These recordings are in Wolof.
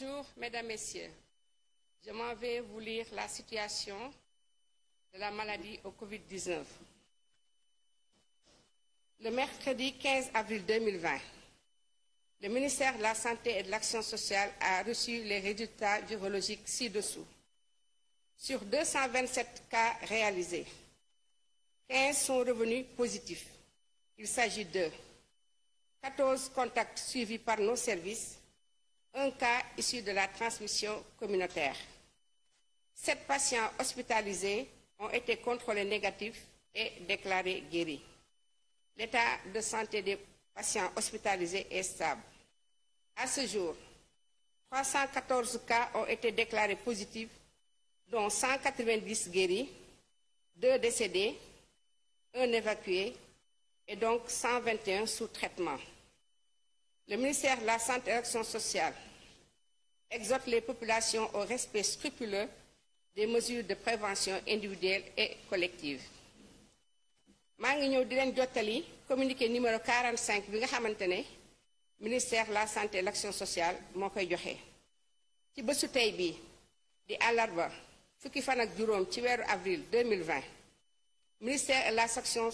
Bonjour, Mesdames, Messieurs. Je m'en vais vous lire la situation de la maladie au Covid-19. Le mercredi 15 avril 2020, le ministère la Santé et de sociale a reçu les résultats virologiques ci-dessous. Sur 227 cas réalisés, 15 sont revenus positifs. Il s'agit de 14 contacts par nos services, un cas issu de la transmission communautaire. Sept patients hospitalisés ont été contrôlés négatifs et déclarés guéris. L'état de santé des patients hospitalisés est stable. À ce jour, 314 cas ont été déclarés positifs, dont 190 guéris, 2 décédés, 1 évacué et donc 121 sous traitement. Le ministère de la Santé et de l'Action sociale exhorte les populations au respect scrupuleux des mesures de prévention individuelle et collective. maa ngi ñëw di leen jottali communiqué numéro 45 bi nga xamante ne ministère de la santé de l'action sociale moo koy joxe. ci bésu tey bi di àllarba fukki fan ak juróom ci weeru avril 2020 ministère de la section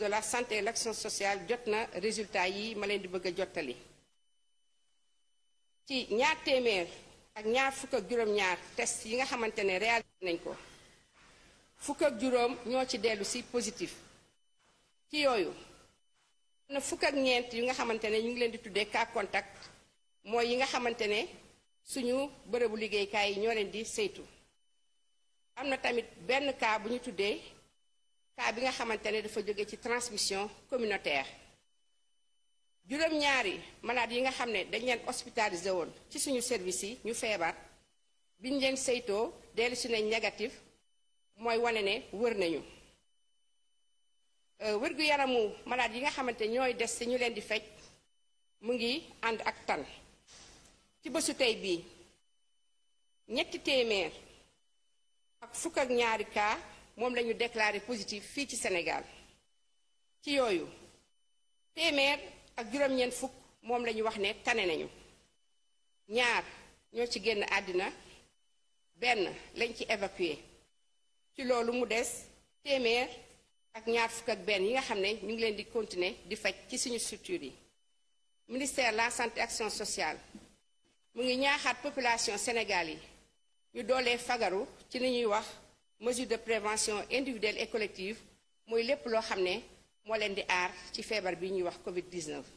de la santé de l'action sociale jot na résultat yi ma leen di bëgg a jottali. ci ñaar téeméer ak ñaar fukk ak juróom-ñaar test yi nga xamante ne réalisé nañ ko fukk ak juróom ñoo ci dellu si positif ci yooyu na fukk ak ñeent yu nga xamante ne ñu ngi leen di tuddee cas contact mooy yi nga xamante ne suñu bërëbu liggéeykaay yi ñoo leen di saytu am na tamit benn cas bu ñu tuddee cas bi nga xamante ne dafa jóge ci transmission communautaire juróom-ñaari malade yi nga xam ne dañ leen ospitalise woon ci suñu service yi ñu feebar biñ leen saytoo dellu si nañ négatif mooy wane ne wër nañu euh, wërgu yaramu malade yi nga xamante ñooy des si ñu leen di faj mu ngi ànd ak tan ci bësu tey bii ñetti téeméer ak fukk ak ñaari cas moom la ñu déclaré positif fii ci Sénégal ci yooyu téeméer ak juróom-ñeent fukk moom la wax ne tane nañu ñaar ñoo ci génn àddina benn lañ ci évacué ci loolu mu des téeméer ak ñaar fukk ak benn yi nga xam ne ñu ngi leen di continuer di faj ci suñu structure yi ministère la santé action sociale mu ngi ñaaxaat population Sénégal yi ñu doolee fagaru ci li ñuy wax mesure de prévention individuelle et collective mooy lépp loo xam ne moo leen di aar ci feebar bi ñuy wax Covid 19.